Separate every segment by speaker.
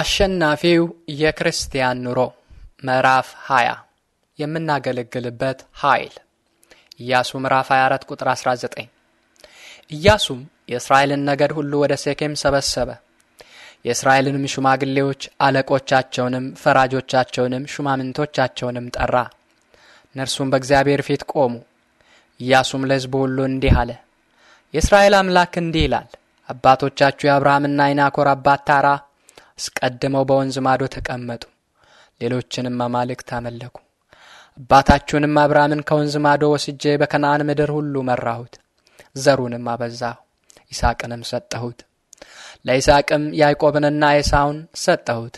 Speaker 1: አሸናፊው የክርስቲያን ኑሮ ምዕራፍ 20 የምናገለግልበት ኃይል ኢያሱ ምዕራፍ 24 ቁጥር 19 ኢያሱም የእስራኤልን ነገድ ሁሉ ወደ ሴኬም ሰበሰበ። የእስራኤልንም ሽማግሌዎች፣ አለቆቻቸውንም፣ ፈራጆቻቸውንም፣ ሹማምንቶቻቸውንም ጠራ። እነርሱም በእግዚአብሔር ፊት ቆሙ። ኢያሱም ለሕዝቡ ሁሉ እንዲህ አለ። የእስራኤል አምላክ እንዲህ ይላል፣ አባቶቻችሁ የአብርሃምና የናኮር አባት ታራ አስቀድመው በወንዝ ማዶ ተቀመጡ፣ ሌሎችንም አማልክት አመለኩ። አባታችሁንም አብርሃምን ከወንዝ ማዶ ወስጄ በከነአን ምድር ሁሉ መራሁት፣ ዘሩንም አበዛሁ፣ ይስሐቅንም ሰጠሁት። ለይስሐቅም ያዕቆብንና ኤሳውን ሰጠሁት፣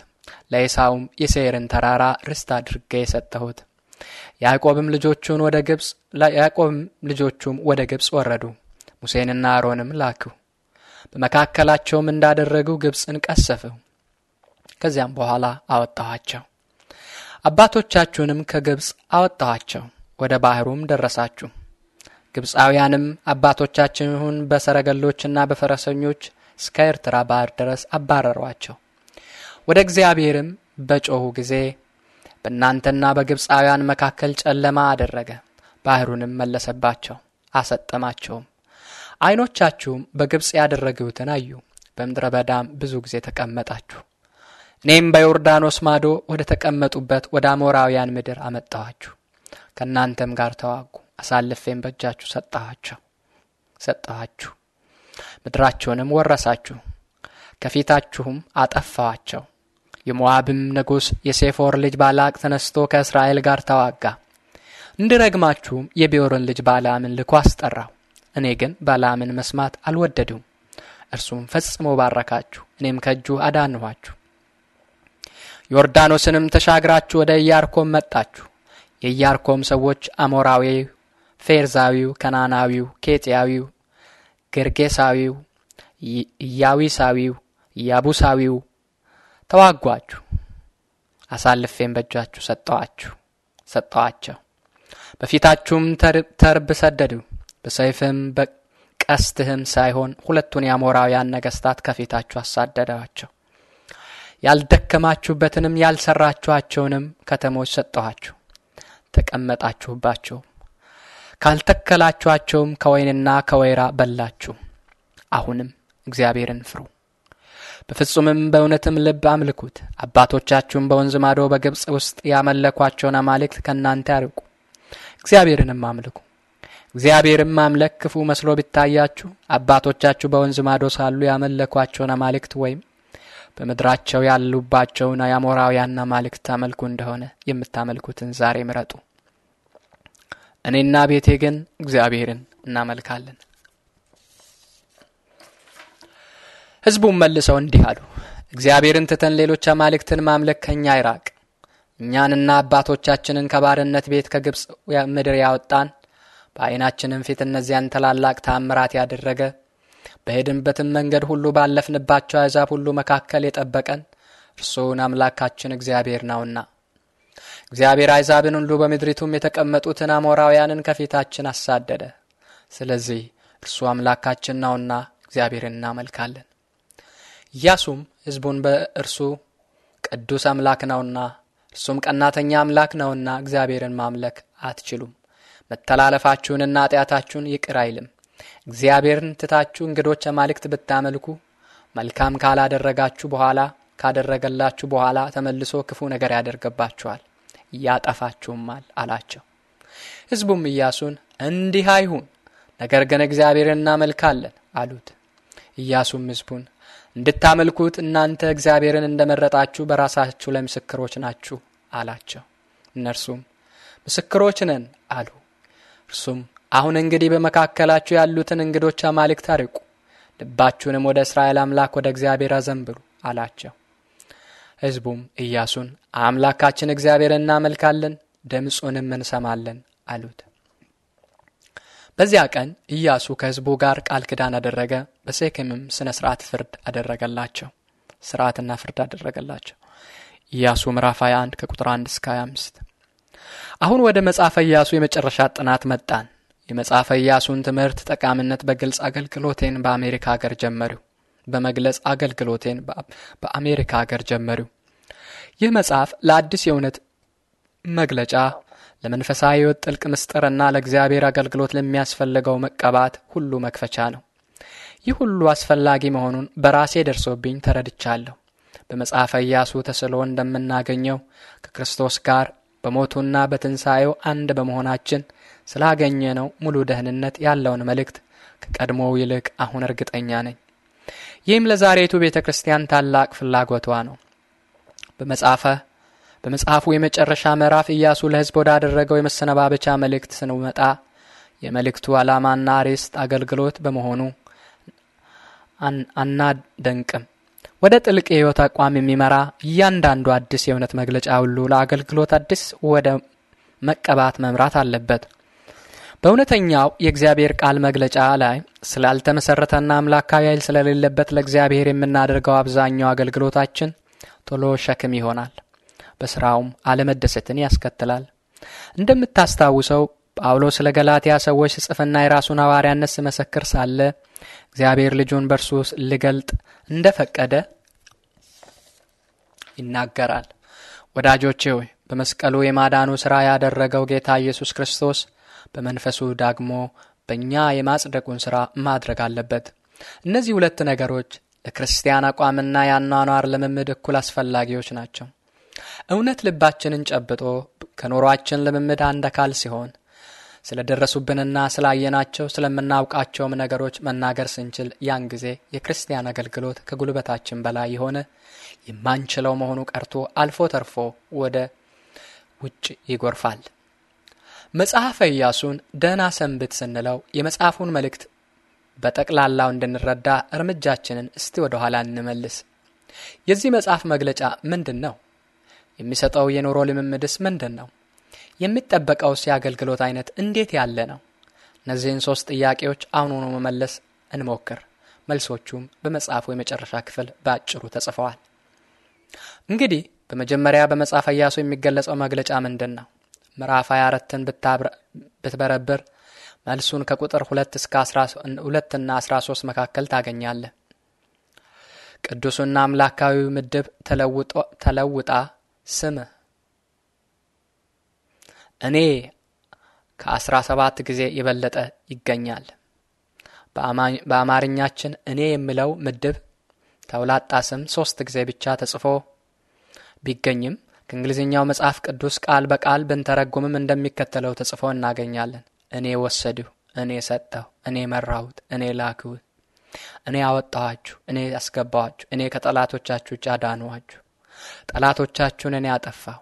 Speaker 1: ለኤሳውም የሴርን ተራራ ርስት አድርጌ ሰጠሁት። ያዕቆብም ልጆቹን ወደ ግብፅ ያዕቆብም ልጆቹም ወደ ግብፅ ወረዱ። ሙሴንና አሮንም ላክሁ፣ በመካከላቸውም እንዳደረጉ ግብፅን ቀሰፍሁ። ከዚያም በኋላ አወጣኋቸው። አባቶቻችሁንም ከግብፅ አወጣኋቸው፣ ወደ ባህሩም ደረሳችሁ። ግብፃውያንም አባቶቻችሁን በሰረገሎችና በፈረሰኞች እስከ ኤርትራ ባህር ድረስ አባረሯቸው። ወደ እግዚአብሔርም በጮኹ ጊዜ በእናንተና በግብፃውያን መካከል ጨለማ አደረገ፣ ባህሩንም መለሰባቸው፣ አሰጠማቸውም። ዓይኖቻችሁም በግብፅ ያደረጉትን አዩ። በምድረ በዳም ብዙ ጊዜ ተቀመጣችሁ። እኔም በዮርዳኖስ ማዶ ወደ ተቀመጡበት ወደ አሞራውያን ምድር አመጣኋችሁ፣ ከእናንተም ጋር ተዋጉ፣ አሳልፌም በእጃችሁ ሰጠኋቸው ሰጠኋችሁ፣ ምድራቸውንም ወረሳችሁ፣ ከፊታችሁም አጠፋኋቸው። የሞዓብም ንጉሥ የሴፎር ልጅ ባላቅ ተነስቶ ከእስራኤል ጋር ተዋጋ። እንድረግማችሁም የቢዮርን ልጅ ባላምን ልኮ አስጠራው። እኔ ግን ባላምን መስማት አልወደድሁም። እርሱም ፈጽሞ ባረካችሁ፣ እኔም ከእጁ አዳንኋችሁ። ዮርዳኖስንም ተሻግራችሁ ወደ ኢያርኮም መጣችሁ። የኢያርኮም ሰዎች አሞራዊው፣ ፌርዛዊው፣ ከናናዊው፣ ኬጢያዊው፣ ግርጌሳዊው፣ ኢያዊሳዊው፣ ኢያቡሳዊው ተዋጓችሁ፣ አሳልፌም በእጃችሁ ሰጠዋችሁ ሰጠዋቸው። በፊታችሁም ተርብ ሰደዱ፣ በሰይፍም በቀስትህም ሳይሆን ሁለቱን የአሞራውያን ነገስታት ከፊታችሁ አሳደዳቸው። ያልደከማችሁበትንም ያልሰራችኋቸውንም ከተሞች ሰጠኋችሁ፣ ተቀመጣችሁባቸው። ካልተከላችኋቸውም ከወይንና ከወይራ በላችሁ። አሁንም እግዚአብሔርን ፍሩ፣ በፍጹምም በእውነትም ልብ አምልኩት። አባቶቻችሁም በወንዝ ማዶ በግብፅ ውስጥ ያመለኳቸውን አማልክት ከእናንተ ያርቁ፣ እግዚአብሔርንም አምልኩ። እግዚአብሔርም ማምለክ ክፉ መስሎ ቢታያችሁ አባቶቻችሁ በወንዝ ማዶ ሳሉ ያመለኳቸውን አማልክት ወይም በምድራቸው ያሉባቸውን የአሞራውያንና ማልክ ታመልኩ እንደሆነ የምታመልኩትን ዛሬ ምረጡ። እኔና ቤቴ ግን እግዚአብሔርን እናመልካለን። ሕዝቡም መልሰው እንዲህ አሉ፣ እግዚአብሔርን ትተን ሌሎች አማልክትን ማምለክ ከእኛ ይራቅ። እኛንና አባቶቻችንን ከባርነት ቤት ከግብፅ ምድር ያወጣን በዓይናችንም ፊት እነዚያን ታላላቅ ታምራት ያደረገ በሄድንበትም መንገድ ሁሉ ባለፍንባቸው አሕዛብ ሁሉ መካከል የጠበቀን እርሱን አምላካችን እግዚአብሔር ነውና እግዚአብሔር አሕዛብን ሁሉ በምድሪቱም የተቀመጡትን አሞራውያንን ከፊታችን አሳደደ። ስለዚህ እርሱ አምላካችን ነውና እግዚአብሔር እናመልካለን። ኢያሱም ሕዝቡን በእርሱ ቅዱስ አምላክ ነውና እርሱም ቀናተኛ አምላክ ነውና እግዚአብሔርን ማምለክ አትችሉም፣ መተላለፋችሁንና ኃጢአታችሁን ይቅር አይልም እግዚአብሔርን ትታችሁ እንግዶች አማልክት ብታመልኩ መልካም ካላደረጋችሁ በኋላ ካደረገላችሁ በኋላ ተመልሶ ክፉ ነገር ያደርገባችኋል ያጠፋችሁማል አላቸው። ሕዝቡም ኢያሱን እንዲህ አይሁን፣ ነገር ግን እግዚአብሔርን እናመልካለን አሉት። ኢያሱም ሕዝቡን እንድታመልኩት እናንተ እግዚአብሔርን እንደመረጣችሁ በራሳችሁ ላይ ምስክሮች ናችሁ አላቸው። እነርሱም ምስክሮች ነን አሉ። እርሱም አሁን እንግዲህ በመካከላችሁ ያሉትን እንግዶች አማልክት አርቁ፣ ልባችሁንም ወደ እስራኤል አምላክ ወደ እግዚአብሔር አዘንብሉ አላቸው። ሕዝቡም ኢያሱን አምላካችን እግዚአብሔር እናመልካለን፣ ድምፁንም እንሰማለን አሉት። በዚያ ቀን ኢያሱ ከሕዝቡ ጋር ቃል ኪዳን አደረገ። በሴኬምም ስነ ስርዓት ፍርድ አደረገላቸው ስርዓትና ፍርድ አደረገላቸው። ኢያሱ ምዕራፍ 21 ከቁጥር 1 እስከ 25። አሁን ወደ መጽሐፈ ኢያሱ የመጨረሻ ጥናት መጣን። የመጽሐፈ ኢያሱን ትምህርት ጠቃሚነት በግልጽ አገልግሎቴን በአሜሪካ ሀገር ጀመሪው በመግለጽ አገልግሎቴን በአሜሪካ ሀገር ጀመሪው። ይህ መጽሐፍ ለአዲስ የእውነት መግለጫ፣ ለመንፈሳዊ ሕይወት ጥልቅ ምስጢርና ለእግዚአብሔር አገልግሎት ለሚያስፈልገው መቀባት ሁሉ መክፈቻ ነው። ይህ ሁሉ አስፈላጊ መሆኑን በራሴ ደርሶብኝ ተረድቻለሁ። በመጽሐፈ ኢያሱ ተስሎ እንደምናገኘው ከክርስቶስ ጋር በሞቱና በትንሣኤው አንድ በመሆናችን ስላገኘነው ሙሉ ደህንነት ያለውን መልእክት ከቀድሞው ይልቅ አሁን እርግጠኛ ነኝ። ይህም ለዛሬቱ ቤተ ክርስቲያን ታላቅ ፍላጎቷ ነው። በመጽሐፈ በመጽሐፉ የመጨረሻ ምዕራፍ ኢያሱ ለሕዝብ ወዳደረገው የመሰነባበቻ መልእክት ስንመጣ የመልእክቱ ዓላማና ርዕስት አገልግሎት በመሆኑ አናደንቅም። ወደ ጥልቅ የሕይወት አቋም የሚመራ እያንዳንዱ አዲስ የእውነት መግለጫ ሁሉ ለአገልግሎት አዲስ ወደ መቀባት መምራት አለበት። በእውነተኛው የእግዚአብሔር ቃል መግለጫ ላይ ስላልተመሰረተና አምላካዊ ኃይል ስለሌለበት ለእግዚአብሔር የምናደርገው አብዛኛው አገልግሎታችን ቶሎ ሸክም ይሆናል፣ በሥራውም አለመደሰትን ያስከትላል። እንደምታስታውሰው ጳውሎስ ገላትያ ሰዎች ስጽፍና የራሱን ሐዋርያነት ስመሰክር ሳለ እግዚአብሔር ልጁን በእርሱ ልገልጥ እንደ ፈቀደ ይናገራል። ወዳጆቼ ሆይ በመስቀሉ የማዳኑ ሥራ ያደረገው ጌታ ኢየሱስ ክርስቶስ በመንፈሱ ዳግሞ በእኛ የማጽደቁን ሥራ ማድረግ አለበት። እነዚህ ሁለት ነገሮች ለክርስቲያን አቋምና የአኗኗር ልምምድ እኩል አስፈላጊዎች ናቸው። እውነት ልባችንን ጨብጦ ከኖሯችን ልምምድ አንድ አካል ሲሆን ስለ ደረሱብንና ስላየናቸው ስለምናውቃቸውም ነገሮች መናገር ስንችል ያን ጊዜ የክርስቲያን አገልግሎት ከጉልበታችን በላይ የሆነ የማንችለው መሆኑ ቀርቶ አልፎ ተርፎ ወደ ውጭ ይጎርፋል። መጽሐፈ ኢያሱን ደህና ሰንብት ስንለው የመጽሐፉን መልእክት በጠቅላላው እንድንረዳ እርምጃችንን እስቲ ወደ ኋላ እንመልስ። የዚህ መጽሐፍ መግለጫ ምንድን ነው? የሚሰጠው የኑሮ ልምምድስ ምንድን ነው? የሚጠበቀውስ የአገልግሎት አይነት እንዴት ያለ ነው? እነዚህን ሶስት ጥያቄዎች አሁኑኑ መመለስ እንሞክር። መልሶቹም በመጽሐፉ የመጨረሻ ክፍል በአጭሩ ተጽፈዋል። እንግዲህ በመጀመሪያ በመጽሐፈ ኢያሱ የሚገለጸው መግለጫ ምንድን ነው? ምዕራፍ 24ን ብትበረብር መልሱን ከቁጥር 2 እስከ 12 እና 13 መካከል ታገኛለህ። ቅዱሱና አምላካዊው ምድብ ተለውጣ ስም እኔ ከ17 ጊዜ የበለጠ ይገኛል። በአማርኛችን እኔ የሚለው ምድብ ተውላጣ ስም ሶስት ጊዜ ብቻ ተጽፎ ቢገኝም ከእንግሊዝኛው መጽሐፍ ቅዱስ ቃል በቃል ብንተረጉምም እንደሚከተለው ተጽፎ እናገኛለን። እኔ ወሰድሁ፣ እኔ ሰጠሁ፣ እኔ መራሁት፣ እኔ ላክሁት፣ እኔ አወጣኋችሁ፣ እኔ አስገባኋችሁ፣ እኔ ከጠላቶቻችሁ እጅ አዳንኋችሁ፣ ጠላቶቻችሁን እኔ አጠፋሁ።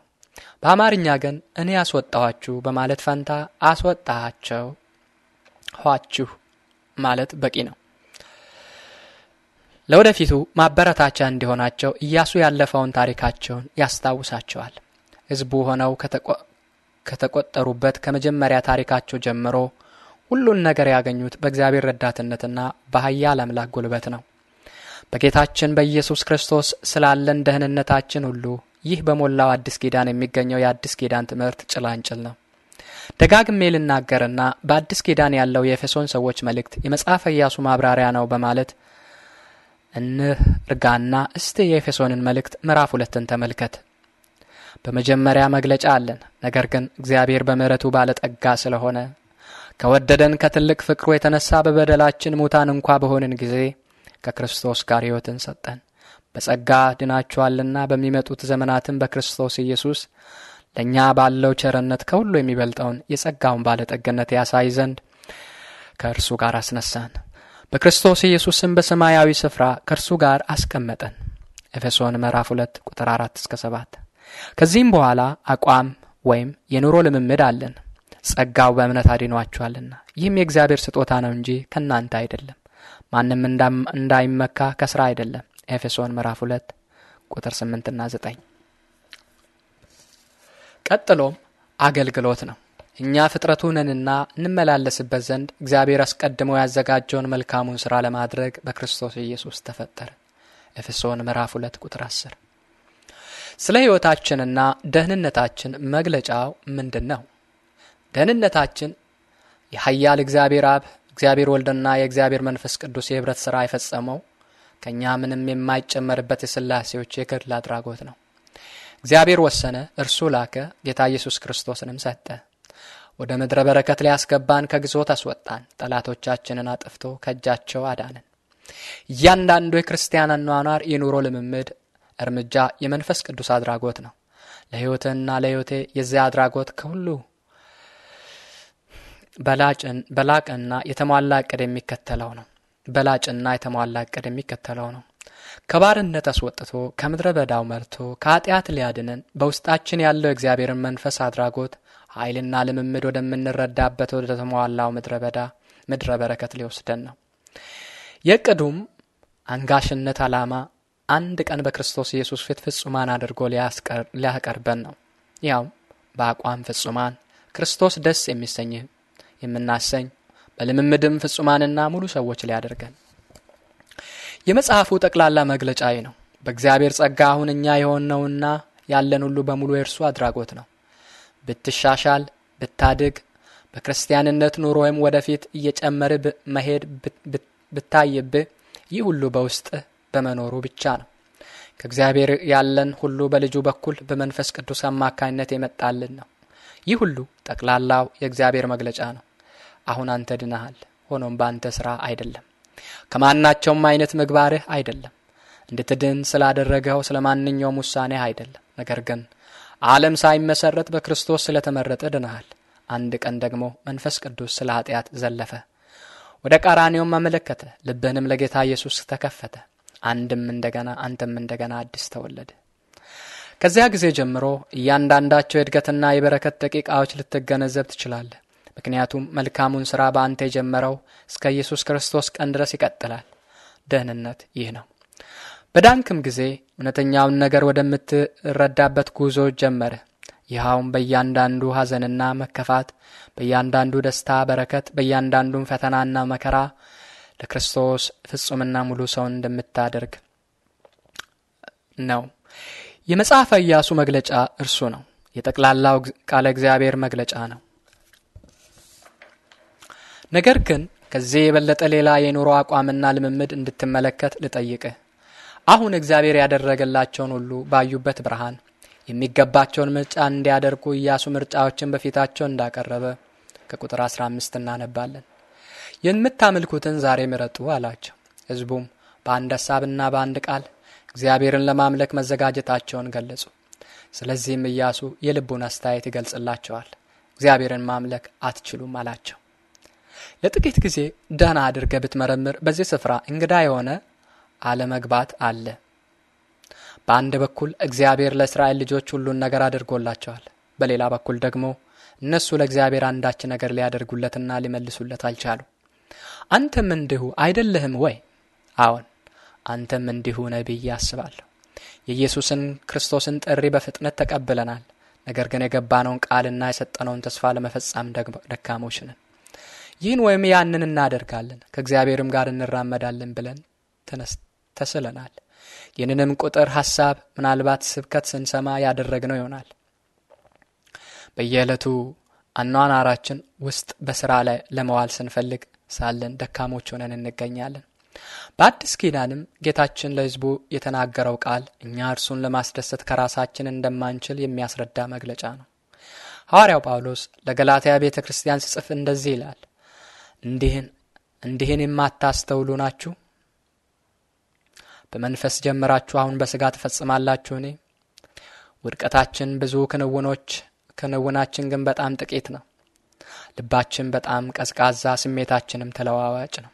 Speaker 1: በአማርኛ ግን እኔ አስወጣኋችሁ በማለት ፈንታ አስወጣቸው ኋችሁ ማለት በቂ ነው። ለወደፊቱ ማበረታቻ እንዲሆናቸው ኢያሱ ያለፈውን ታሪካቸውን ያስታውሳቸዋል። ሕዝቡ ሆነው ከተቆጠሩበት ከመጀመሪያ ታሪካቸው ጀምሮ ሁሉን ነገር ያገኙት በእግዚአብሔር ረዳትነትና በኃያል አምላክ ጉልበት ነው። በጌታችን በኢየሱስ ክርስቶስ ስላለን ደህንነታችን ሁሉ ይህ በሞላው አዲስ ኪዳን የሚገኘው የአዲስ ኪዳን ትምህርት ጭላንጭል ነው። ደጋግሜ ልናገርና በአዲስ ኪዳን ያለው የኤፌሶን ሰዎች መልእክት የመጽሐፈ ኢያሱ ማብራሪያ ነው በማለት እንርጋና እስቲ የኤፌሶንን መልእክት ምዕራፍ ሁለትን ተመልከት። በመጀመሪያ መግለጫ አለን። ነገር ግን እግዚአብሔር በምሕረቱ ባለጠጋ ስለሆነ ከወደደን ከትልቅ ፍቅሩ የተነሳ በበደላችን ሙታን እንኳ በሆንን ጊዜ ከክርስቶስ ጋር ሕይወትን ሰጠን። በጸጋ ድናችኋልና በሚመጡት ዘመናትም በክርስቶስ ኢየሱስ ለእኛ ባለው ቸርነት ከሁሉ የሚበልጠውን የጸጋውን ባለጠግነት ያሳይ ዘንድ ከእርሱ ጋር አስነሳን። በክርስቶስ ኢየሱስም በሰማያዊ ስፍራ ከእርሱ ጋር አስቀመጠን። ኤፌሶን ምዕራፍ 2 ቁጥር 4 እስከ 7። ከዚህም በኋላ አቋም ወይም የኑሮ ልምምድ አለን። ጸጋው በእምነት አድኗችኋልና ይህም የእግዚአብሔር ስጦታ ነው እንጂ ከእናንተ አይደለም፣ ማንም እንዳይመካ ከሥራ አይደለም። ኤፌሶን ምዕራፍ 2 ቁጥር 8 እና 9። ቀጥሎም አገልግሎት ነው። እኛ ፍጥረቱ ነንና እንመላለስበት ዘንድ እግዚአብሔር አስቀድሞ ያዘጋጀውን መልካሙን ሥራ ለማድረግ በክርስቶስ ኢየሱስ ተፈጠረ። ኤፌሶን ምዕራፍ 2 ቁጥር 10። ስለ ሕይወታችንና ደህንነታችን መግለጫው ምንድን ነው? ደህንነታችን የኃያል እግዚአብሔር አብ እግዚአብሔር ወልድና የእግዚአብሔር መንፈስ ቅዱስ የኅብረት ሥራ የፈጸመው ከእኛ ምንም የማይጨመርበት የሥላሴዎች የገድል አድራጎት ነው። እግዚአብሔር ወሰነ፣ እርሱ ላከ፣ ጌታ ኢየሱስ ክርስቶስንም ሰጠ። ወደ ምድረ በረከት ሊያስገባን ከግዞት አስወጣን። ጠላቶቻችንን አጥፍቶ ከእጃቸው አዳንን። እያንዳንዱ የክርስቲያን አኗኗር የኑሮ ልምምድ፣ እርምጃ የመንፈስ ቅዱስ አድራጎት ነው። ለሕይወትህና ለሕይወቴ የዚያ አድራጎት ከሁሉ በላቅና የተሟላ እቅድ የሚከተለው ነው። በላጭና የተሟላ እቅድ የሚከተለው ነው። ከባርነት አስወጥቶ ከምድረ በዳው መርቶ ከኃጢአት ሊያድንን በውስጣችን ያለው እግዚአብሔርን መንፈስ አድራጎት ኃይልና ልምምድ ወደምንረዳበት ወደ ተሟላው ምድረ በዳ ምድረ በረከት ሊወስደን ነው። የቅዱም አንጋሽነት ዓላማ አንድ ቀን በክርስቶስ ኢየሱስ ፊት ፍጹማን አድርጎ ሊያቀርበን ነው። ያው በአቋም ፍጹማን ክርስቶስ ደስ የሚሰኝ የምናሰኝ በልምምድም ፍጹማንና ሙሉ ሰዎች ሊያደርገን የመጽሐፉ ጠቅላላ መግለጫ ነው። በእግዚአብሔር ጸጋ አሁን እኛ የሆነውና ያለን ሁሉ በሙሉ የእርሱ አድራጎት ነው። ብትሻሻል ብታድግ በክርስቲያንነት ኑሮ ወይም ወደፊት እየጨመር መሄድ ብታይብህ ይህ ሁሉ በውስጥህ በመኖሩ ብቻ ነው። ከእግዚአብሔር ያለን ሁሉ በልጁ በኩል በመንፈስ ቅዱስ አማካኝነት የመጣልን ነው። ይህ ሁሉ ጠቅላላው የእግዚአብሔር መግለጫ ነው። አሁን አንተ ድናሃል። ሆኖም በአንተ ሥራ አይደለም፣ ከማናቸውም አይነት ምግባርህ አይደለም፣ እንድትድን ስላደረገው ስለ ማንኛውም ውሳኔህ አይደለም ነገር ግን ዓለም ሳይመሰረት በክርስቶስ ስለተመረጠ ድናሃል። አንድ ቀን ደግሞ መንፈስ ቅዱስ ስለ ኃጢአት ዘለፈ፣ ወደ ቃራኒዮም አመለከተ፣ ልብህንም ለጌታ ኢየሱስ ተከፈተ። አንድም እንደገና አንተም እንደገና አዲስ ተወለደ። ከዚያ ጊዜ ጀምሮ እያንዳንዳቸው የእድገትና የበረከት ደቂቃዎች ልትገነዘብ ትችላለህ። ምክንያቱም መልካሙን ሥራ በአንተ የጀመረው እስከ ኢየሱስ ክርስቶስ ቀን ድረስ ይቀጥላል። ደህንነት ይህ ነው። በዳንክም ጊዜ እውነተኛውን ነገር ወደምትረዳበት ጉዞ ጀመርህ። ይኸውም በእያንዳንዱ ሐዘንና መከፋት፣ በእያንዳንዱ ደስታ በረከት፣ በእያንዳንዱም ፈተናና መከራ ለክርስቶስ ፍጹምና ሙሉ ሰውን እንደምታደርግ ነው። የመጽሐፈ ኢያሱ መግለጫ እርሱ ነው። የጠቅላላው ቃለ እግዚአብሔር መግለጫ ነው። ነገር ግን ከዚህ የበለጠ ሌላ የኑሮ አቋምና ልምምድ እንድትመለከት ልጠይቅህ። አሁን እግዚአብሔር ያደረገላቸውን ሁሉ ባዩበት ብርሃን የሚገባቸውን ምርጫ እንዲያደርጉ ኢያሱ ምርጫዎችን በፊታቸው እንዳቀረበ ከቁጥር 15 እናነባለን። የምታመልኩትን ዛሬ ምረጡ አላቸው። ሕዝቡም በአንድ ሐሳብና በአንድ ቃል እግዚአብሔርን ለማምለክ መዘጋጀታቸውን ገለጹ። ስለዚህም ኢያሱ የልቡን አስተያየት ይገልጽላቸዋል። እግዚአብሔርን ማምለክ አትችሉም አላቸው። ለጥቂት ጊዜ ደህና አድርገ ብትመረምር በዚህ ስፍራ እንግዳ የሆነ አለመግባት አለ። በአንድ በኩል እግዚአብሔር ለእስራኤል ልጆች ሁሉን ነገር አድርጎላቸዋል። በሌላ በኩል ደግሞ እነሱ ለእግዚአብሔር አንዳች ነገር ሊያደርጉለትና ሊመልሱለት አልቻሉ። አንተም እንዲሁ አይደለህም ወይ? አዎን፣ አንተም እንዲሁ ነህ ብዬ አስባለሁ። የኢየሱስን ክርስቶስን ጥሪ በፍጥነት ተቀብለናል። ነገር ግን የገባነውን ቃልና የሰጠነውን ተስፋ ለመፈጸም ደካሞች ነን። ይህን ወይም ያንን እናደርጋለን፣ ከእግዚአብሔርም ጋር እንራመዳለን ብለን ተነስ ተስለናል። ይህንንም ቁጥር ሐሳብ ምናልባት ስብከት ስንሰማ ያደረግነው ይሆናል። በየዕለቱ አኗኗራችን ውስጥ በሥራ ላይ ለመዋል ስንፈልግ ሳለን ደካሞች ሆነን እንገኛለን። በአዲስ ኪዳንም ጌታችን ለሕዝቡ የተናገረው ቃል እኛ እርሱን ለማስደሰት ከራሳችን እንደማንችል የሚያስረዳ መግለጫ ነው። ሐዋርያው ጳውሎስ ለገላትያ ቤተ ክርስቲያን ሲጽፍ እንደዚህ ይላል፣ እንዲህን እንዲህን የማታስተውሉ ናችሁ በመንፈስ ጀምራችሁ አሁን በሥጋ ትፈጽማላችሁኔ? ውድቀታችን ብዙ ክንውኖች ክንውናችን ግን በጣም ጥቂት ነው። ልባችን በጣም ቀዝቃዛ፣ ስሜታችንም ተለዋዋጭ ነው።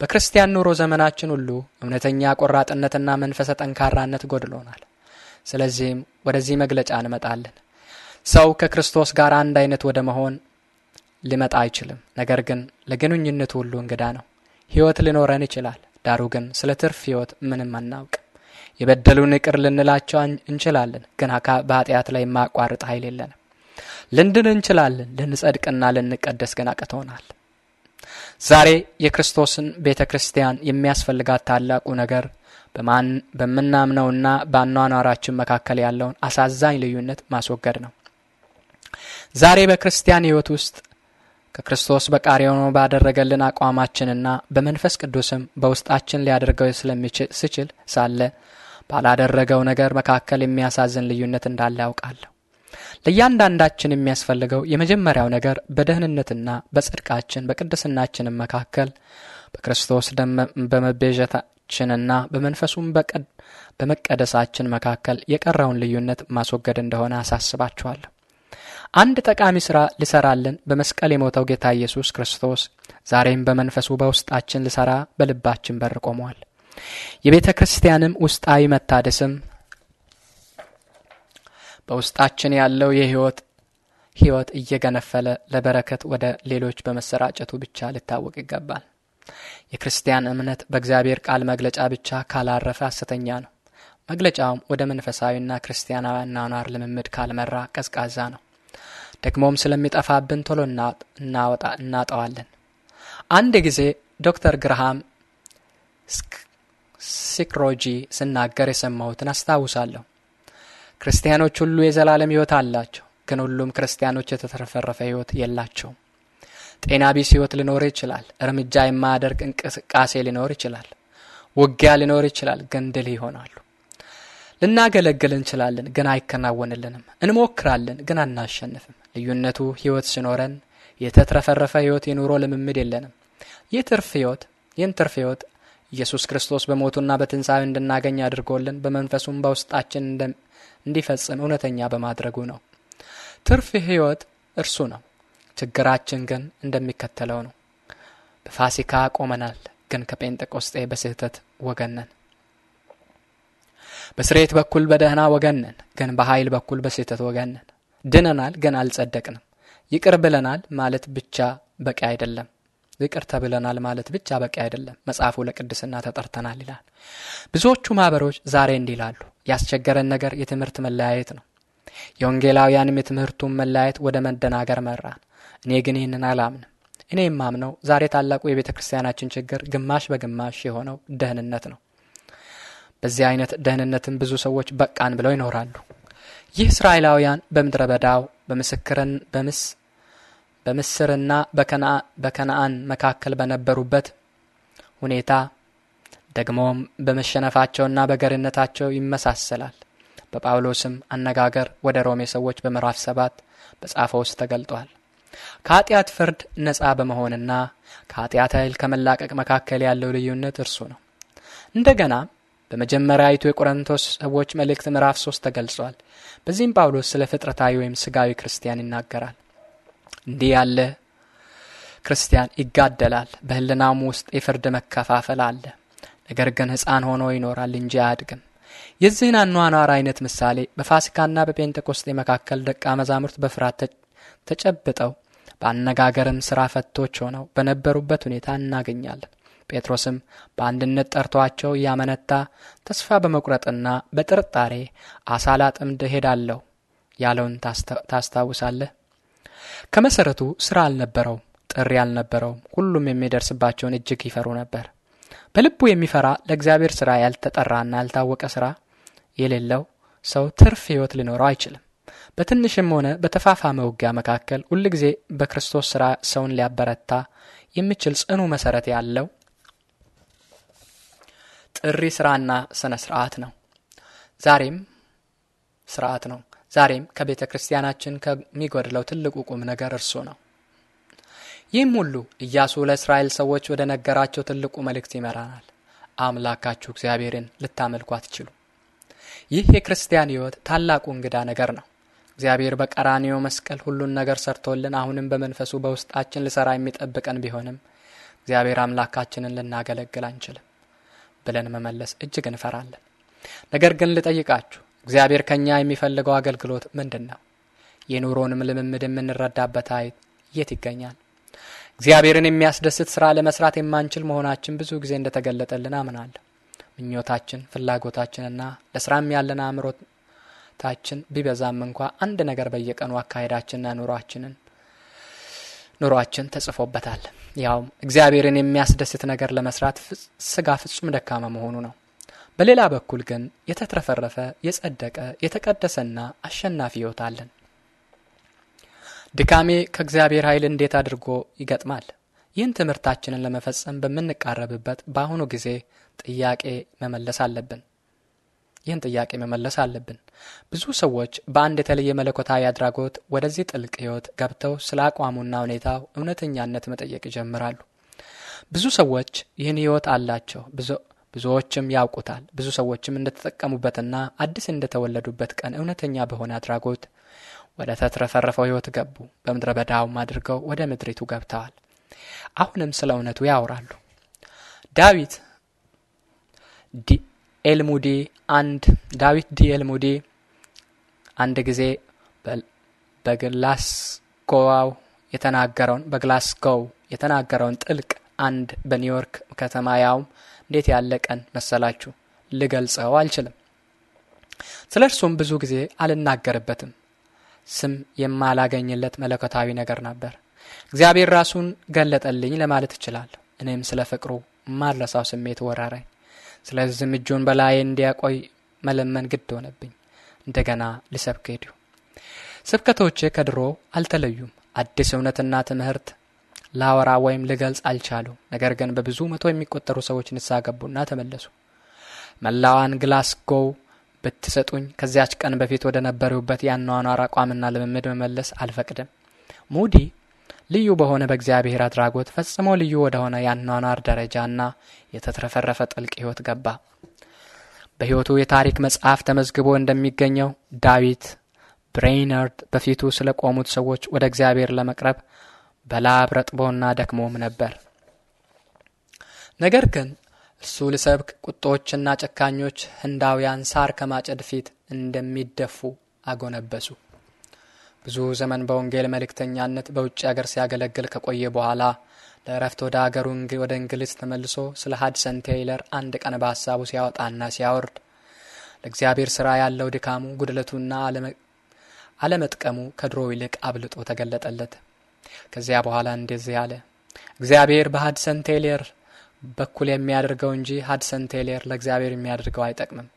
Speaker 1: በክርስቲያን ኑሮ ዘመናችን ሁሉ እውነተኛ ቆራጥነትና መንፈሰ ጠንካራነት ጎድሎናል። ስለዚህም ወደዚህ መግለጫ እንመጣለን። ሰው ከክርስቶስ ጋር አንድ አይነት ወደ መሆን ሊመጣ አይችልም። ነገር ግን ለግንኙነት ሁሉ እንግዳ ነው። ሕይወት ሊኖረን ይችላል። ዳሩ ግን ስለ ትርፍ ሕይወት ምንም አናውቅ። የበደሉን ይቅር ልንላቸው እንችላለን፣ ግን በኃጢአት ላይ የማያቋርጥ ኃይል የለንም። ልንድን እንችላለን፣ ልንጸድቅና ልንቀደስ ግን አቅቶናል። ዛሬ የክርስቶስን ቤተ ክርስቲያን የሚያስፈልጋት ታላቁ ነገር በማን በምናምነውና በአኗኗራችን መካከል ያለውን አሳዛኝ ልዩነት ማስወገድ ነው። ዛሬ በክርስቲያን ሕይወት ውስጥ ከክርስቶስ በቃሪ ሆኖ ባደረገልን አቋማችንና በመንፈስ ቅዱስም በውስጣችን ሊያደርገው ስችል ሳለ ባላደረገው ነገር መካከል የሚያሳዝን ልዩነት እንዳለ ያውቃለሁ። ለእያንዳንዳችን የሚያስፈልገው የመጀመሪያው ነገር በደህንነትና በጽድቃችን በቅድስናችንም መካከል በክርስቶስ ደም በመቤዠታችንና በመንፈሱም በመቀደሳችን መካከል የቀረውን ልዩነት ማስወገድ እንደሆነ አሳስባችኋለሁ። አንድ ጠቃሚ ሥራ ልሰራልን በመስቀል የሞተው ጌታ ኢየሱስ ክርስቶስ ዛሬም በመንፈሱ በውስጣችን ልሰራ በልባችን በር ቆሟል። የቤተ ክርስቲያንም ውስጣዊ መታደስም በውስጣችን ያለው የሕይወት ሕይወት እየገነፈለ ለበረከት ወደ ሌሎች በመሰራጨቱ ብቻ ሊታወቅ ይገባል። የክርስቲያን እምነት በእግዚአብሔር ቃል መግለጫ ብቻ ካላረፈ ሐሰተኛ ነው። መግለጫውም ወደ መንፈሳዊና ክርስቲያናዊ አኗኗር ልምምድ ካልመራ ቀዝቃዛ ነው። ደግሞም ስለሚጠፋብን ቶሎ እናወጣ እናጠዋለን። አንድ ጊዜ ዶክተር ግርሃም ሲክሮጂ ስናገር የሰማሁትን አስታውሳለሁ። ክርስቲያኖች ሁሉ የዘላለም ሕይወት አላቸው፣ ግን ሁሉም ክርስቲያኖች የተትረፈረፈ ሕይወት የላቸውም። ጤና ቢስ ሕይወት ሊኖር ይችላል። እርምጃ የማያደርግ እንቅስቃሴ ሊኖር ይችላል። ውጊያ ሊኖር ይችላል፣ ግን ድል ይሆናሉ። ልናገለግል እንችላለን፣ ግን አይከናወንልንም። እንሞክራለን፣ ግን አናሸንፍም። ልዩነቱ ህይወት ሲኖረን የተትረፈረፈ ህይወት የኑሮ ልምምድ የለንም። ይህ ትርፍ ህይወት ይህን ትርፍ ህይወት ኢየሱስ ክርስቶስ በሞቱና በትንሣኤ እንድናገኝ አድርጎልን በመንፈሱም በውስጣችን እንዲፈጽም እውነተኛ በማድረጉ ነው። ትርፍ ህይወት እርሱ ነው። ችግራችን ግን እንደሚከተለው ነው። በፋሲካ ቆመናል፣ ግን ከጴንጠቆስጤ በስህተት ወገነን። በስሬት በኩል በደህና ወገነን፣ ግን በኃይል በኩል በስህተት ወገነን። ድነናል፣ ገና አልጸደቅንም። ይቅር ብለናል ማለት ብቻ በቂ አይደለም። ይቅር ተብለናል ማለት ብቻ በቂ አይደለም። መጽሐፉ ለቅድስና ተጠርተናል ይላል። ብዙዎቹ ማህበሮች ዛሬ እንዲህ ይላሉ። ያስቸገረን ነገር የትምህርት መለያየት ነው። የወንጌላውያንም የትምህርቱን መለያየት ወደ መደናገር መራን። እኔ ግን ይህንን አላምንም። እኔ የማምነው ዛሬ ታላቁ የቤተ ክርስቲያናችን ችግር ግማሽ በግማሽ የሆነው ደህንነት ነው። በዚህ አይነት ደህንነትም ብዙ ሰዎች በቃን ብለው ይኖራሉ። ይህ እስራኤላውያን በምድረ በዳው በምስክርን በምስ በምስርና በከነአን መካከል በነበሩበት ሁኔታ ደግሞም በመሸነፋቸውና በገርነታቸው ይመሳሰላል። በጳውሎስም አነጋገር ወደ ሮሜ ሰዎች በምዕራፍ ሰባት በጻፈ ውስጥ ተገልጧል። ከኃጢአት ፍርድ ነፃ በመሆንና ከኃጢአት ኃይል ከመላቀቅ መካከል ያለው ልዩነት እርሱ ነው። እንደገና በመጀመሪያይቱ የቆሮንቶስ ሰዎች መልእክት ምዕራፍ 3 ተገልጿል። በዚህም ጳውሎስ ስለ ፍጥረታዊ ወይም ስጋዊ ክርስቲያን ይናገራል። እንዲህ ያለ ክርስቲያን ይጋደላል፣ በህልናም ውስጥ የፍርድ መከፋፈል አለ። ነገር ግን ሕፃን ሆኖ ይኖራል እንጂ አያድግም። የዚህን አኗኗር አይነት ምሳሌ በፋሲካና በጴንጤቆስጤ መካከል ደቀ መዛሙርት በፍርሃት ተጨብጠው በአነጋገርም ስራ ፈቶች ሆነው በነበሩበት ሁኔታ እናገኛለን። ጴጥሮስም በአንድነት ጠርቷቸው እያመነታ ተስፋ በመቁረጥና በጥርጣሬ አሳ ላጥምድ እሄዳለሁ ያለውን ታስታውሳለህ። ከመሰረቱ ስራ አልነበረውም፣ ጥሪ አልነበረውም። ሁሉም የሚደርስባቸውን እጅግ ይፈሩ ነበር። በልቡ የሚፈራ ለእግዚአብሔር ስራ ያልተጠራና ያልታወቀ ስራ የሌለው ሰው ትርፍ ሕይወት ሊኖረው አይችልም። በትንሽም ሆነ በተፋፋመ ውጊያ መካከል ሁልጊዜ በክርስቶስ ስራ ሰውን ሊያበረታ የሚችል ጽኑ መሰረት ያለው ጥሪ ስራና ስነ ስርዓት ነው። ዛሬም ስርዓት ነው። ዛሬም ከቤተ ክርስቲያናችን ከሚጎድለው ትልቁ ቁም ነገር እርሱ ነው። ይህም ሁሉ ኢያሱ ለእስራኤል ሰዎች ወደ ነገራቸው ትልቁ መልእክት ይመራናል። አምላካችሁ እግዚአብሔርን ልታመልኩ አትችሉ። ይህ የክርስቲያን ሕይወት ታላቁ እንግዳ ነገር ነው። እግዚአብሔር በቀራኒዮ መስቀል ሁሉን ነገር ሰርቶልን አሁንም በመንፈሱ በውስጣችን ልሰራ የሚጠብቀን ቢሆንም እግዚአብሔር አምላካችንን ልናገለግል አንችልም። ብለን መመለስ እጅግ እንፈራለን። ነገር ግን ልጠይቃችሁ፣ እግዚአብሔር ከእኛ የሚፈልገው አገልግሎት ምንድን ነው? የኑሮንም ልምምድ የምንረዳበት አይት የት ይገኛል? እግዚአብሔርን የሚያስደስት ሥራ ለመስራት የማንችል መሆናችን ብዙ ጊዜ እንደተገለጠልን አምናለሁ። ምኞታችን፣ ፍላጎታችንና ለስራም ያለን አእምሮታችን ቢበዛም እንኳ አንድ ነገር በየቀኑ አካሄዳችንና ኑሯችንን ኑሯችን ተጽፎበታል። ያውም እግዚአብሔርን የሚያስደስት ነገር ለመስራት ስጋ ፍጹም ደካማ መሆኑ ነው። በሌላ በኩል ግን የተትረፈረፈ የጸደቀ የተቀደሰና አሸናፊ ሕይወት አለን። ድካሜ ከእግዚአብሔር ኃይል እንዴት አድርጎ ይገጥማል? ይህን ትምህርታችንን ለመፈጸም በምንቃረብበት በአሁኑ ጊዜ ጥያቄ መመለስ አለብን። ይህን ጥያቄ መመለስ አለብን። ብዙ ሰዎች በአንድ የተለየ መለኮታዊ አድራጎት ወደዚህ ጥልቅ ሕይወት ገብተው ስለ አቋሙና ሁኔታው እውነተኛነት መጠየቅ ይጀምራሉ። ብዙ ሰዎች ይህን ሕይወት አላቸው። ብዙዎችም ያውቁታል። ብዙ ሰዎችም እንደተጠቀሙበትና አዲስ እንደተወለዱበት ቀን እውነተኛ በሆነ አድራጎት ወደ ተትረፈረፈው ሕይወት ገቡ። በምድረ በዳውም አድርገው ወደ ምድሪቱ ገብተዋል። አሁንም ስለ እውነቱ ያወራሉ። ዳዊት ኤልሙዲ አንድ ዳዊት ዲ ኤልሙዲ አንድ ጊዜ በግላስጎው የተናገረውን በግላስጎው የተናገረውን ጥልቅ አንድ በኒውዮርክ ከተማ ያውም እንዴት ያለ ቀን መሰላችሁ ልገልጸው አልችልም። ስለ እርሱም ብዙ ጊዜ አልናገርበትም። ስም የማላገኝለት መለኮታዊ ነገር ነበር። እግዚአብሔር ራሱን ገለጠልኝ ለማለት እችላለሁ። እኔም ስለ ፍቅሩ ማልረሳው ስሜት ወረረኝ። ስለዚህም እጁን በላይ እንዲያቆይ መለመን ግድ ሆነብኝ። እንደገና ልሰብክ ሄድሁ። ስብከቶቼ ከድሮ አልተለዩም። አዲስ እውነትና ትምህርት ላወራ ወይም ልገልጽ አልቻሉም። ነገር ግን በብዙ መቶ የሚቆጠሩ ሰዎች ንስሐ ገቡና ተመለሱ። መላዋን ግላስጎው ብትሰጡኝ ከዚያች ቀን በፊት ወደ ነበሩበት የአኗኗር አቋምና ልምምድ መመለስ አልፈቅድም። ሙዲ ልዩ በሆነ በእግዚአብሔር አድራጎት ፈጽሞ ልዩ ወደሆነ የአኗኗር ደረጃና የተትረፈረፈ ጥልቅ ሕይወት ገባ። በሕይወቱ የታሪክ መጽሐፍ ተመዝግቦ እንደሚገኘው ዳዊት ብሬይነርድ በፊቱ ስለ ቆሙት ሰዎች ወደ እግዚአብሔር ለመቅረብ በላብ ረጥቦና ደክሞም ነበር። ነገር ግን እርሱ ልሰብክ ቁጦችና ጨካኞች ህንዳውያን ሳር ከማጨድ ፊት እንደሚደፉ አጎነበሱ። ብዙ ዘመን በወንጌል መልእክተኛነት በውጭ አገር ሲያገለግል ከቆየ በኋላ ለእረፍት ወደ አገሩ ወደ እንግሊዝ ተመልሶ ስለ ሀድሰን ቴይለር አንድ ቀን በሀሳቡ ሲያወጣና ሲያወርድ ለእግዚአብሔር ሥራ ያለው ድካሙ ጉድለቱና አለመጥቀሙ ከድሮ ይልቅ አብልጦ ተገለጠለት። ከዚያ በኋላ እንደዚህ አለ። እግዚአብሔር በሃድሰን ቴይለር በኩል የሚያደርገው እንጂ ሃድሰን ቴይለር ለእግዚአብሔር የሚያደርገው አይጠቅምም።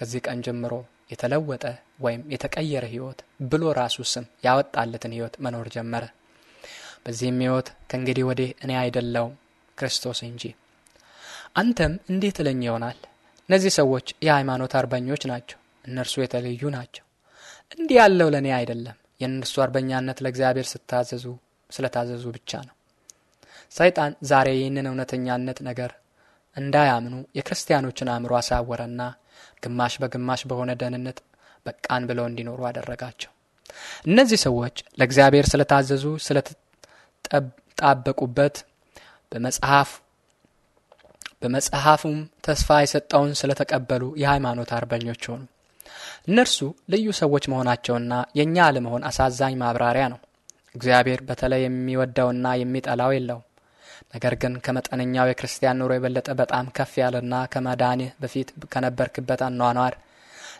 Speaker 1: ከዚህ ቀን ጀምሮ የተለወጠ ወይም የተቀየረ ህይወት ብሎ ራሱ ስም ያወጣለትን ህይወት መኖር ጀመረ። በዚህም ህይወት ከእንግዲህ ወዲህ እኔ አይደለውም ክርስቶስ እንጂ። አንተም እንዲህ ትለኝ ይሆናል፣ እነዚህ ሰዎች የሃይማኖት አርበኞች ናቸው፣ እነርሱ የተለዩ ናቸው። እንዲህ ያለው ለእኔ አይደለም። የእነርሱ አርበኛነት ለእግዚአብሔር ስታዘዙ ስለታዘዙ ብቻ ነው። ሰይጣን ዛሬ ይህንን እውነተኛነት ነገር እንዳያምኑ የክርስቲያኖችን አእምሮ አሳወረና ግማሽ በግማሽ በሆነ ደህንነት በቃን ብለው እንዲኖሩ አደረጋቸው። እነዚህ ሰዎች ለእግዚአብሔር ስለታዘዙ ስለተጣበቁበት በመጽሐፍ በመጽሐፉም ተስፋ የሰጠውን ስለተቀበሉ የሃይማኖት አርበኞች ሆኑ። እነርሱ ልዩ ሰዎች መሆናቸውና የእኛ አለመሆን አሳዛኝ ማብራሪያ ነው። እግዚአብሔር በተለይ የሚወደውና የሚጠላው የለውም። ነገር ግን ከመጠነኛው የክርስቲያን ኑሮ የበለጠ በጣም ከፍ ያለና ከመዳንህ በፊት ከነበርክበት አኗኗር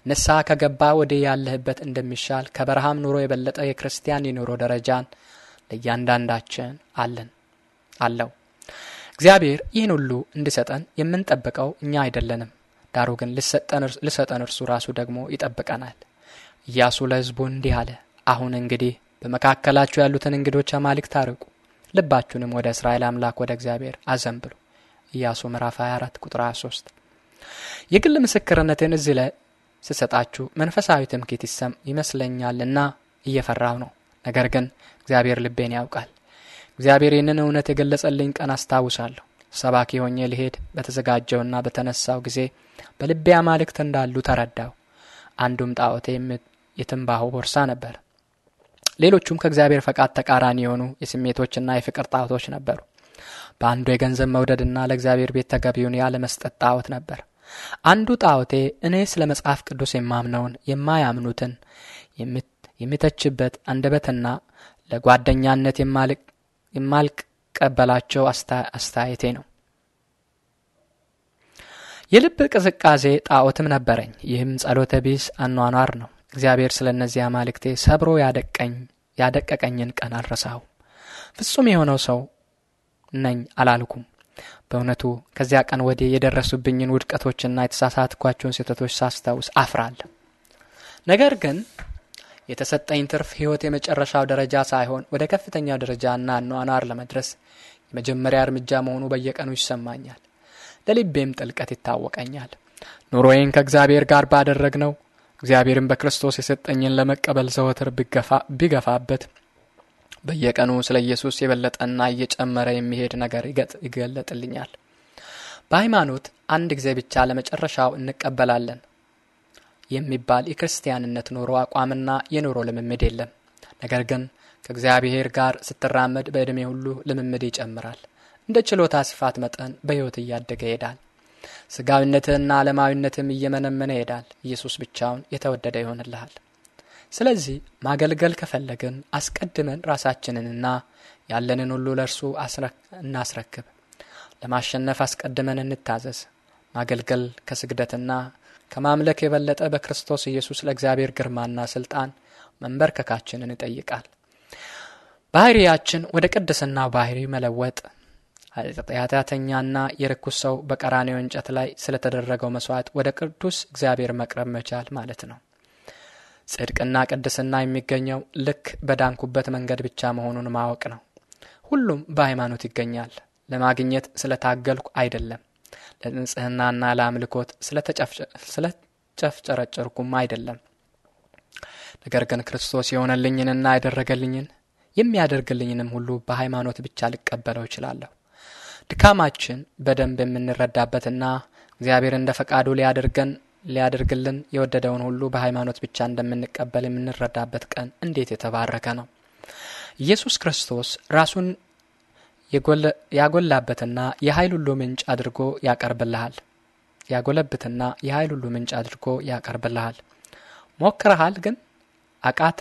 Speaker 1: ንስሐ ከገባ ወደ ያለህበት እንደሚሻል ከበረሃም ኑሮ የበለጠ የክርስቲያን የኑሮ ደረጃን ለእያንዳንዳችን አለን አለው። እግዚአብሔር ይህን ሁሉ እንዲሰጠን የምንጠብቀው እኛ አይደለንም። ዳሩ ግን ልሰጠን እርሱ ራሱ ደግሞ ይጠብቀናል። ኢያሱ ለሕዝቡ እንዲህ አለ። አሁን እንግዲህ በመካከላችሁ ያሉትን እንግዶች አማልክት ታርቁ፣ ልባችሁንም ወደ እስራኤል አምላክ ወደ እግዚአብሔር አዘንብሉ። ኢያሱ ምዕራፍ 24 ቁጥር 23 የግል ምስክርነትን እዚህ ላይ ስሰጣችሁ መንፈሳዊ ትምክህት ይሰም ይመስለኛልና እየፈራው ነው። ነገር ግን እግዚአብሔር ልቤን ያውቃል። እግዚአብሔር ይህንን እውነት የገለጸልኝ ቀን አስታውሳለሁ። ሰባኪ ሆኜ ልሄድ በተዘጋጀውና በተነሳው ጊዜ በልቤ አማልክት እንዳሉ ተረዳው። አንዱም ጣዖቴ የትንባሆ ቦርሳ ነበር። ሌሎቹም ከእግዚአብሔር ፈቃድ ተቃራኒ የሆኑ የስሜቶችና የፍቅር ጣዖቶች ነበሩ። በአንዱ የገንዘብ መውደድና ለእግዚአብሔር ቤት ተገቢውን ያለመስጠት ጣዖት ነበር። አንዱ ጣዖቴ እኔ ስለ መጽሐፍ ቅዱስ የማምነውን የማያምኑትን የሚተችበት አንደበትና ለጓደኛነት የማልቀበላቸው አስተያየቴ ነው። የልብ ቅዝቃዜ ጣዖትም ነበረኝ። ይህም ጸሎተ ቢስ አኗኗር ነው። እግዚአብሔር ስለ እነዚህ አማልክቴ ሰብሮ ያደቀቀኝን ቀን አልረሳሁም። ፍጹም የሆነው ሰው ነኝ አላልኩም። በእውነቱ ከዚያ ቀን ወዲህ የደረሱብኝን ውድቀቶችና የተሳሳትኳቸውን ስህተቶች ሳስታውስ አፍራለሁ። ነገር ግን የተሰጠኝ ትርፍ ሕይወት የመጨረሻው ደረጃ ሳይሆን ወደ ከፍተኛው ደረጃና አኗኗር ለመድረስ የመጀመሪያ እርምጃ መሆኑ በየቀኑ ይሰማኛል፣ ለልቤም ጥልቀት ይታወቀኛል። ኑሮዬን ከእግዚአብሔር ጋር ባደረግነው እግዚአብሔርን በክርስቶስ የሰጠኝን ለመቀበል ዘወትር ቢገፋበት በየቀኑ ስለ ኢየሱስ የበለጠና እየጨመረ የሚሄድ ነገር ይገለጥልኛል። በሃይማኖት አንድ ጊዜ ብቻ ለመጨረሻው እንቀበላለን የሚባል የክርስቲያንነት ኑሮ አቋምና የኑሮ ልምምድ የለም። ነገር ግን ከእግዚአብሔር ጋር ስትራመድ በዕድሜ ሁሉ ልምምድ ይጨምራል። እንደ ችሎታ ስፋት መጠን በሕይወት እያደገ ይሄዳል። ስጋዊነትህና ዓለማዊነትም እየመነመነ ይሄዳል። ኢየሱስ ብቻውን የተወደደ ይሆንልሃል። ስለዚህ ማገልገል ከፈለግን አስቀድመን ራሳችንንና ያለንን ሁሉ ለእርሱ እናስረክብ። ለማሸነፍ አስቀድመን እንታዘዝ። ማገልገል ከስግደትና ከማምለክ የበለጠ በክርስቶስ ኢየሱስ ለእግዚአብሔር ግርማና ስልጣን መንበርከካችንን ይጠይቃል። ባህሪያችን ወደ ቅድስና ባህሪ መለወጥ ኃጢአተኛና የርኩስ ሰው በቀራኔው እንጨት ላይ ስለተደረገው መስዋዕት ወደ ቅዱስ እግዚአብሔር መቅረብ መቻል ማለት ነው። ጽድቅና ቅድስና የሚገኘው ልክ በዳንኩበት መንገድ ብቻ መሆኑን ማወቅ ነው። ሁሉም በሃይማኖት ይገኛል። ለማግኘት ታገልኩ አይደለም። ለንጽህናና ለአምልኮት ስለተጨፍጨረጨርኩም አይደለም። ነገር ግን ክርስቶስ የሆነልኝንና ያደረገልኝን የሚያደርግልኝንም ሁሉ በሃይማኖት ብቻ ልቀበለው እችላለሁ። ድካማችን በደንብ የምንረዳበትና እግዚአብሔር እንደ ፈቃዱ ሊያደርገን ሊያደርግልን የወደደውን ሁሉ በሃይማኖት ብቻ እንደምንቀበል የምንረዳበት ቀን እንዴት የተባረከ ነው! ኢየሱስ ክርስቶስ ራሱን ያጎላበትና የኃይል ሁሉ ምንጭ አድርጎ ያቀርብልሃል። ያጎለብትና የኃይል ሁሉ ምንጭ አድርጎ ያቀርብልሃል። ሞክረሃል ግን አቃተ።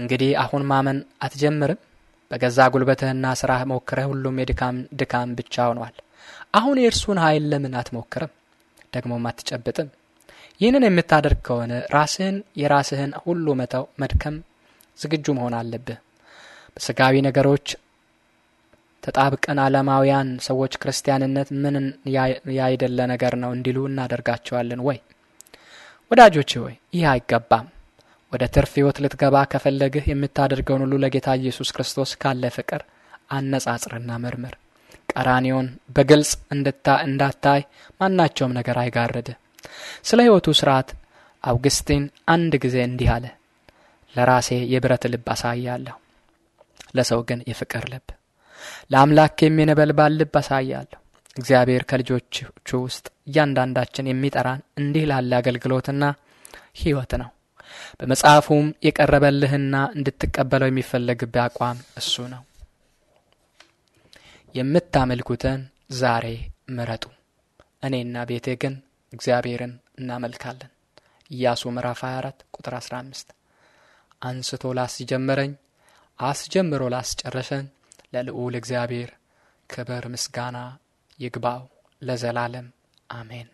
Speaker 1: እንግዲህ አሁን ማመን አትጀምርም? በገዛ ጉልበትህና ስራህ ሞክረህ ሁሉም የድካም ድካም ብቻ ሆኗል። አሁን የእርሱን ኃይል ለምን አትሞክርም? ደግሞም አትጨብጥም። ይህንን የምታደርግ ከሆነ ራስህን የራስህን ሁሉ መተው መድከም ዝግጁ መሆን አለብህ። በስጋዊ ነገሮች ተጣብቀን ዓለማውያን ሰዎች ክርስቲያንነት ምን ያይደለ ነገር ነው እንዲሉ እናደርጋቸዋለን ወይ? ወዳጆች ሆይ ይህ አይገባም። ወደ ትርፍ ሕይወት ልትገባ ከፈለግህ የምታደርገውን ሁሉ ለጌታ ኢየሱስ ክርስቶስ ካለ ፍቅር አነጻጽርና መርምር። ቀራኔውን በግልጽ እንድታ እንዳታይ ማናቸውም ነገር አይጋርድ። ስለ ሕይወቱ ስርዓት አውግስቲን አንድ ጊዜ እንዲህ አለ፣ ለራሴ የብረት ልብ አሳያለሁ፣ ለሰው ግን የፍቅር ልብ፣ ለአምላክ የሚነበልባል ልብ አሳያለሁ። እግዚአብሔር ከልጆቹ ውስጥ እያንዳንዳችን የሚጠራን እንዲህ ላለ አገልግሎትና ሕይወት ነው። በመጽሐፉም የቀረበልህና እንድትቀበለው የሚፈለግብህ አቋም እሱ ነው። የምታመልኩትን ዛሬ ምረጡ፣ እኔና ቤቴ ግን እግዚአብሔርን እናመልካለን። ኢያሱ ምዕራፍ 24 ቁጥር 15 አንስቶ ላስጀመረኝ አስጀምሮ ላስጨረሰኝ ለልዑል እግዚአብሔር ክብር ምስጋና ይግባው ለዘላለም አሜን።